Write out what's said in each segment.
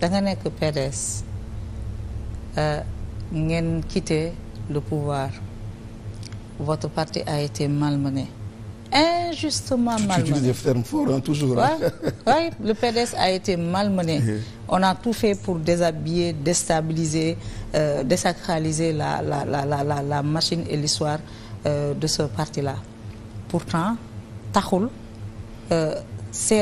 da nga nekk PDS euh, ngeen quitter le pouvoir votre parti a été malmené injustement malmené toujours. le PDS a été malmené on a tout fait pour déshabiller déstabiliser euh, désacraliser la la la la la la machine et l'histoire euh, de ce parti là pourtant taxul euh, ses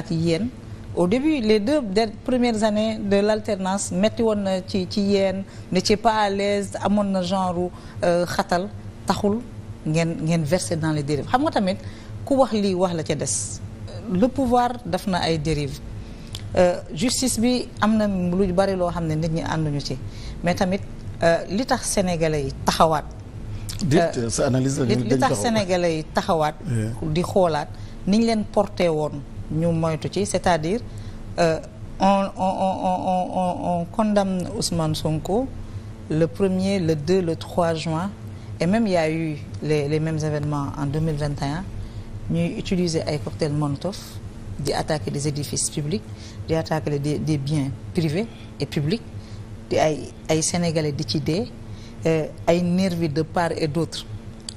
ak yéen. au début les deux des premières années de l'alternance metti woon na ci ci yéen n'étiez pas à l'aise amoon na genre euh, xatal taxul ngeen ngeen versé dans les dérives xam nga tamit ku wax lii wax la ca des le pouvoir daf na ay dérives euh, justice bi am na lu bari loo xam ne nit ñi ànduñu ci mais tamit euh, li tax sénégalais yi taxawaat dit sa li tax sénégalais yi taxawaat di xoolaat niñ leen porté woon ñu moytu ci c'est-à-dire euh, on on on on on condamne Ousmane Sonko le premier le 2 le 3 juin et même il a eu les mêmes événements en 2021 ñuy utiliser ay cocktail Molotov di attaquer des édifices publics di attaquer des des biens privés et publics di ay ay sénégalais di ci dee euh, ay nervis de part et d'autre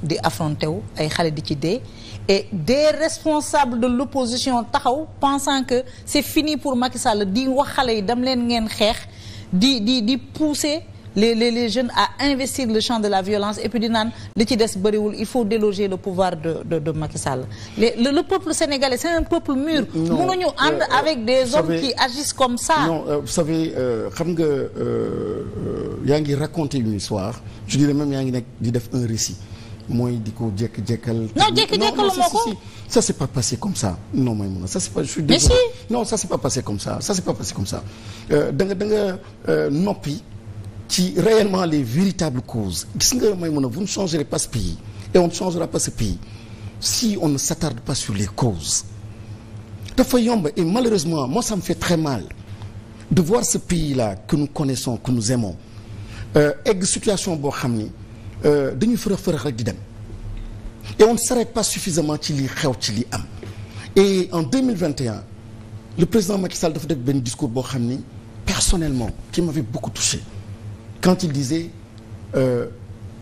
di affronté wu ay xale di ci dee et des responsables de l'opposition taxaw pensant que c'est fini pour Macky Sall di wax xale yi dam leen ngeen xeex di di di pousser les les les jeunes à investir le champ de la violence et puis di naan li ci des bariwul il faut déloger le pouvoir de de de Macky Sall le le peuple sénégalais c'est un peuple mûr. non mënuñu euh, ànd avec des hommes savez, qui agissent comme ça. non euh, vous savez euh, xam nga yaa ngi raconter une histoire je dirais même yaa ngi nekk di def un récit. mooy di ko jékki-jékkal. non jékki-jékkalu ma ko non ça s'est pas passé comme ça non Maïmouna ça s'est pas je suis désolé non ça pas passé comme ça ça s'est euh, da nga da nga euh, noppi ci réellement les véritables causes gis nga Maïmouna vous ne changerez pas ce pays et on ne changera pas pays si on ne s'attarde pas sur les causes dafa yomb et malheureusement moo ça me fait très mal de voir ce pays là que nous connaissons que nous aimons euh, egg euh, situation boo xam ni. Euh, dañuy fërëx fërëx rek di dem et on ne s'arrête pas suffisamment ci li xew ci li am et en 2021 le président Macky Sall dafa def benn discours boo xam ni personnellement qui m'avait beaucoup touché quand il disait euh,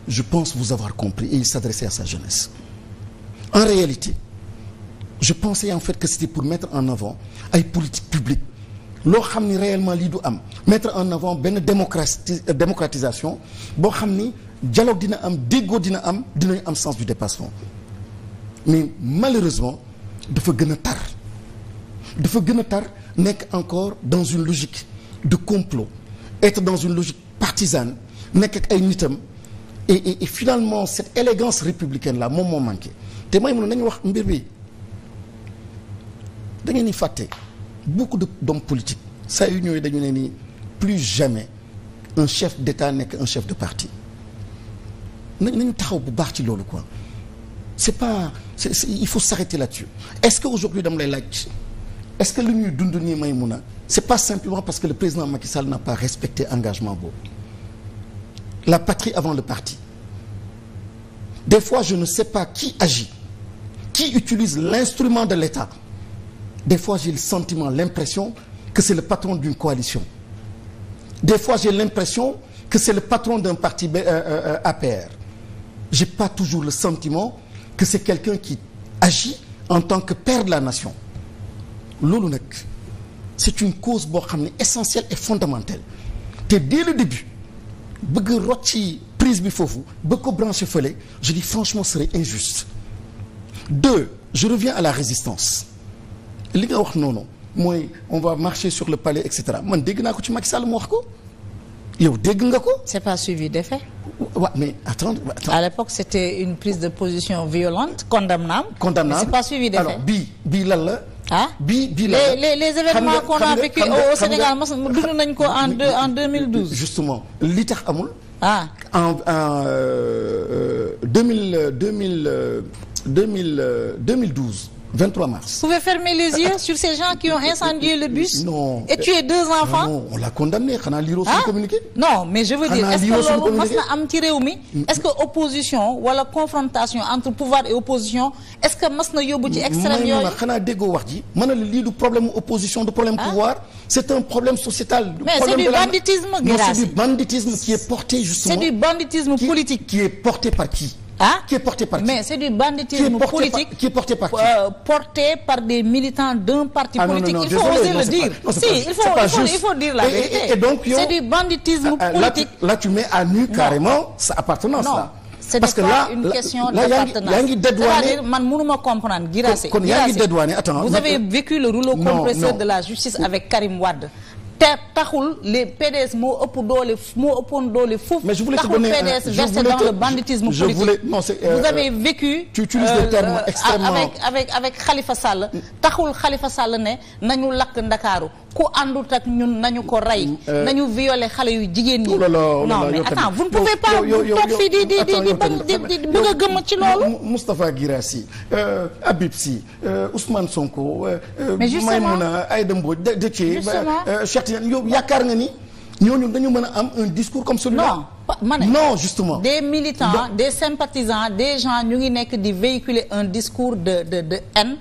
je pense vous avoir compris et il s'adressait à sa jeunesse en réalité je pensais en fait que c'était pour mettre en avant ay politique publique loo xam ni réellement lii du am mettre en avant benn démocrati euh, démocratisation boo xam ni dialogue dina am déggoo dina am dinañ am sens du dépassement mais malheureusement dafa gën a tar dafa gën a tar nekk encore dans une logique de complot être dans une logique partisane nekk ak ay nitam et et finalement cette élégance républicaine là moom moo manqué te may mun nañu wax mbir bi da ngeen di fàtte beaucoup de d'hommes politiques saa yu ñëwee dañu ne ni plus jamais un chef d'État nekk un chef de parti. nañ nañu taxaw bu baax ci loolu quoi c'est pas c'est, c'est, il faut s'arrêter là-dessus est-ce que aujourd'hui dama lay laaj est-ce que lu ñuy dund nii may mun a c'est pas simplement parce que le président Macky n'a pas respecté engagement boobu la patrie avant le parti des fois je ne sais pas qui agit qui utilise l'instrument de l'État des fois j'ai le sentiment l'impression que c'est le patron d'une coalition des fois j'ai l'impression que c'est le patron d'un parti euh, euh, euh APR j'ai pas toujours le sentiment que c'est quelqu'un qui agit en tant que père la nation loolu nag c'est une cause boo xam ne essentielle et fondamentale te dès le début bëgg rocc ci prise bi foofu bëgg ko branché fële je dis franchement ce serait injuste deux je reviens à la résistance li nga wax noonu mooy on va marcher sur le palais et man dégg naa ko ci Macky Sall mu wax ko yow dégg nga ko. c'est pas suivi d'effet. waaw mais attends, attends. à l'époque c'était une prise de position violente condamnable. condamnable mais c'est pas suivi de alors bii bii lan la. ah bii bii lan les les événements qu'on a vécu au Sénégal mos dund nañ ko en deux en 2012. justement li tax amul. ah en en euh, euh, deux mille deux mille euh, deux mille deux mille douze. 23 mars. Vous pouvez fermer les yeux sur ces ah xanaa liiroo suñu ah? communiqué. non mais ci réew mi. est que opposition wala confrontation entre pouvoir et opposition est-ce que mas na yóbbu ci xanaa déggoo wax ji. mën lii du problème opposition du problème ah? pouvoir. c'est un problème sociétal. mais c'est du banditisme. non c'est du ah qui porté par mais c'est du banditisme politique par, qui porté par qui? Euh, porté par des militants d'un parti ah, politique non, non, non, il faut désolé, oser le dire pas, si c'est du banditisme ah, ah, politique là, tu mets à nu carrément sa appartenance là ce parce que là une question d'appartenance c'est-à-dire man mënuma comprendre Guirassy kon yaa ngi dédouané attends vous avez vécu le rouleau compresseur de la justice avec Karim Wade te taxul les PDS moo ëpp doole moo ëppoon doole foofu. mais je voulais te donner taxul PDS versé dans le banditisme politique. vous euh, avez vécu. tu utilises des euh, termes extrêmement avec avec avec Khalifa Sall. taxul Khalifa Sall ne nañu lakk Ndakaaru. ku àndut ak ñun nañu ko rey. Mm, euh, nañu violé xale yu jigéen ñi. Oh oh non mais attends vous ne pouvez pas toog fii di di di di bañ di di bëgg a gëm ci loolu. Moustapha Guirassy euh, Habib Sy euh, Ousmane Sonko. mais justement Maïmouna Aïda Mbodj Déthié Cheikh Tidiane yow yaakaar nga ni ñooñu dañu mën a am un discours comme celui-là. non ma ne non justement. des militants des sympathisants des gens ñu ngi nekk di véhiculer un discours de de de haine.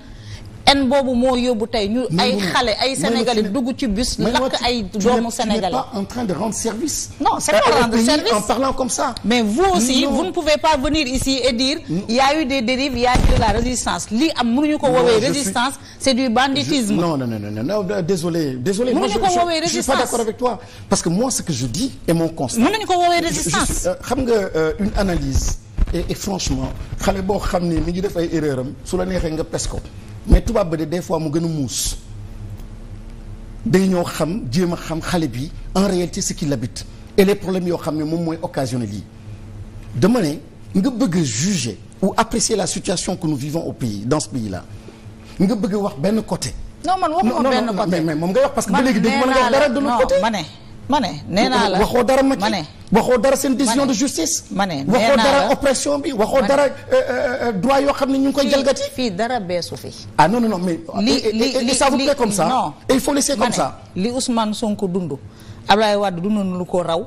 en boobu moo yóbbu tey ñu ay xale ay sénégalais dugg ci bus lakk ay doomu sénégalais pas en train de rendre service non c'est pas rendre service comme ça mais vous aussi vous ne pouvez pas venir ici et dire a eu des dérives il y a eu de la résistance lii am ah, mënuñu ko woowee résistance c'est du banditisme non non non non euh, désolé désolé mënuñu ko woowee résistance je suis pas d'accord avec toi parce que moi ce que je dis est mon constat mënuñu ko woowee résistance euh, xam nga euh, une analyse et franchement xale boo xam ne mi ngi def ay erreur am su la neexee nga pes ko mais tubaab ba de des fois mu gën a muus day ñoo xam jéem a xam xale bi en réalité ce qui l'habite et le problèmes yoo xam ne moom mooy occasionné lii dama ne nga bëgg a juger ou apprécier la situation que nous vivons au pays dans ce pays là nga bëgg wax benn côté. non man waxuma mais moom ngay wax parce que. ba léegi dégg mën nga wax dara de l'autre côté ma ne ne la waxoo dara ma ne. waxoo dara seen décision de justice. ma ne waxoo dara oppression bi waxoo dara euh, euh, euh, droit yoo xam ne ñu ngi koy jalgati. fii dara beesu fi. ah non non non mais. li li li ça vous plaît comme ça. non il faut laisser comme ça. li Ousmane dund na lu ko raw.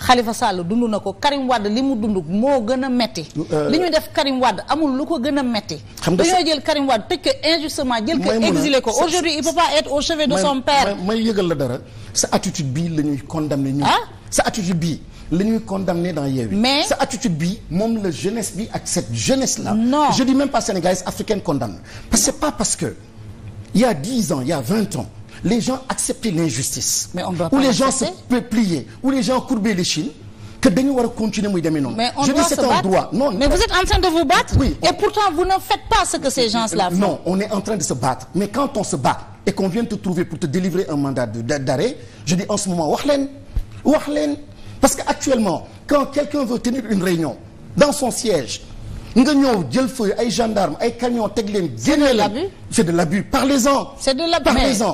xalifa Sall dund na ko Karim Wade li mu dund moo gën a metti li ñu def Karim wadd amul lu ko gën a metti dañoo jël Karim Wade tëj ko injustement jël ko exilé ko aujourd'hui il peut pas être au chevet de son père may yëgal la dara sa attitude bii la ñuy condamné ñu ah? sa attitude bii la ñuy condamner dans Yewwi mais la jeunesse bi ak cette jeunesse africaine condamne parce que c'est pas parce que il y a ans les gens acceptaient l'injustice mais les gens se les gens que dañu war a continuer muy demee noonu. mais on je doit dis, se vous êtes en train de vous battre. et pourtant vous ne faites pas ce que ces gens-là font. non on est en train de se battre mais quand on se bat et qu'on vient te trouver pour te délivrer un mandat d'arrêt je dis en ce moment wax leen. parce que actuellement quand quelqu'un veut tenir une réunion dans son siège nga ñëw jël feu ay gendarme ay camion teg leen génne la c'est de l'abus parlez-en parlez-en